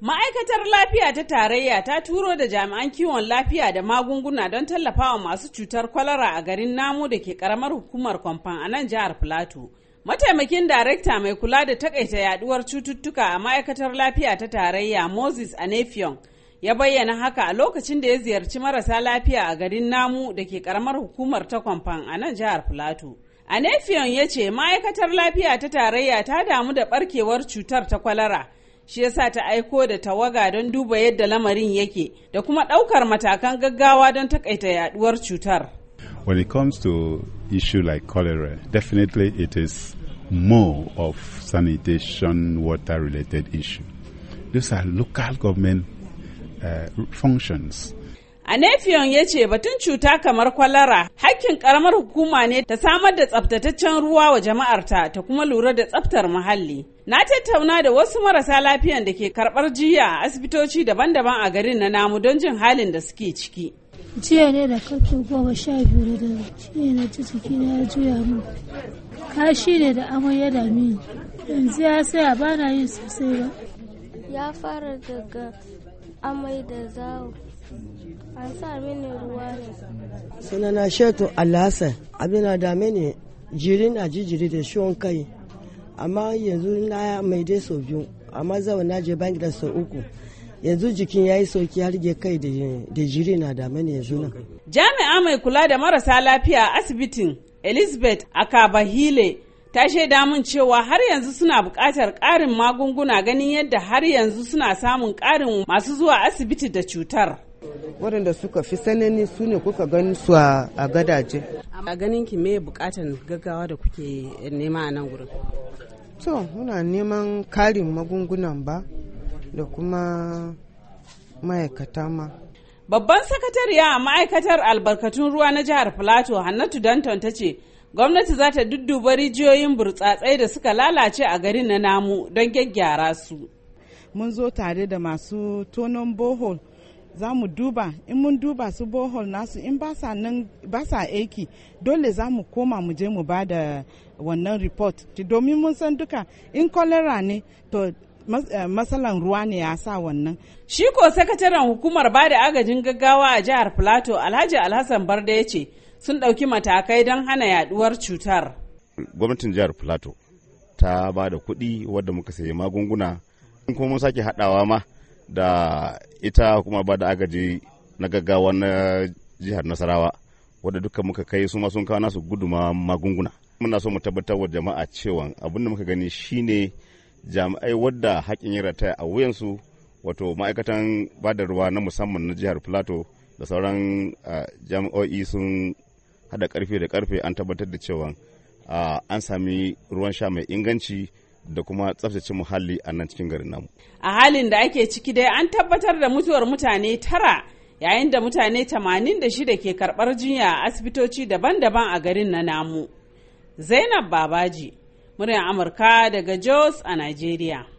Ma'aikatar lafiya ta tarayya ta turo da jami'an kiwon lafiya da magunguna don tallafawa masu cutar kwalara a garin Namu da ke karamar hukumar kwamfan a nan jihar Filato. Mataimakin darekta mai kula da takaita yaduwar cututtuka a ma'aikatar lafiya ta tarayya Moses Anefion ya bayyana haka a lokacin da ya ziyarci marasa lafiya a garin Namu da ke karamar hukumar ta kwamfan a nan jihar Filato. Anefion ya ce ma'aikatar lafiya ta tarayya ta damu da barkewar cutar ta kwalara. shi yasa ta aiko da tawaga don duba yadda lamarin yake da kuma ɗaukar matakan gaggawa don takaita yaduwar cutar. When it comes to issue like cholera, definitely it is more of sanitation water related issue. These are local government uh, functions. a nefiyon ya ce batun cuta kamar kwalara hakkin karamar hukuma ne ta samar da tsabtataccen ruwa wa jama'arta ta kuma lura da tsabtar muhalli. Na tattauna da wasu marasa lafiyan da ke karɓar jiya a asibitoci daban-daban a garin na namu don jin halin da suke ciki. Jiya ne da karfe goma sha biyu da shi ne na ci jiki na juya min. Kashi ne da amai ya dami yanzu ya saya ba na yin sosai ba. Ya fara daga amai da zawo. suna na shetu alhassan abin na dame ne jiri na jijiri da shiwon kai amma yanzu na mai dai sau biyu amma zawa na je bangi da sau uku yanzu jikin ya yi sauki har ge kai da jiri na dame ne yanzu nan jami'a mai kula da marasa lafiya a asibitin elizabeth akabahile ta shaida min cewa har yanzu suna buƙatar ƙarin magunguna ganin yadda har yanzu suna samun ƙarin masu zuwa asibiti da cutar waɗanda suka fi sanani su ne kuka gani su a gadaje. A ganin ki me bukatan gaggawa da kuke nema a nan gurin? To, muna neman karin magungunan ba da kuma ma'aikata ma. Babban sakatariya a ma'aikatar albarkatun ruwa na jihar Filato Hannatu Danton ta ce, gwamnati za ta dudduba rijiyoyin burtsatsai da suka lalace a garin na namu don gyaggyara su. Mun zo tare da masu tonon borehole. za mu duba in mun duba su bohol nasu in ba sa aiki dole za mu koma mu je mu ba da wannan report domin mun san duka in cholera ne to eh, matsalan ruwa ne ya sa wannan. Shi ko sakataren hukumar ba da agajin gaggawa a jihar Plateau Alhaji Alhassan Barda ya ce sun ɗauki matakai don hana yaduwar cutar. Gwamnatin jihar Plateau ta ba da kuɗi wadda muka sayi magunguna. Kuma mun sake haɗawa ma da ita kuma ba da agaji na gaggawa na jihar Nasarawa wadda duka muka kai su ma sun kawo nasu guduma magunguna. Muna so mu tabbatar wa jama'a cewa abin da muka gani shine jami'ai wadda haƙin yin rataya a wuyansu wato ma'aikatan ba da ruwa na musamman na jihar plato da sauran jami'o'i sun hada karfe da karfe an tabbatar da cewa an sami ruwan sha mai inganci da kuma tsaftace muhalli a nan cikin garin namu. A halin da ake ciki dai an tabbatar da mutuwar mutane tara yayin da mutane tamanin da shida ke karɓar jinya a asibitoci daban-daban a garin na namu. Zainab Babaji, muryar Amurka daga Jos a Najeriya.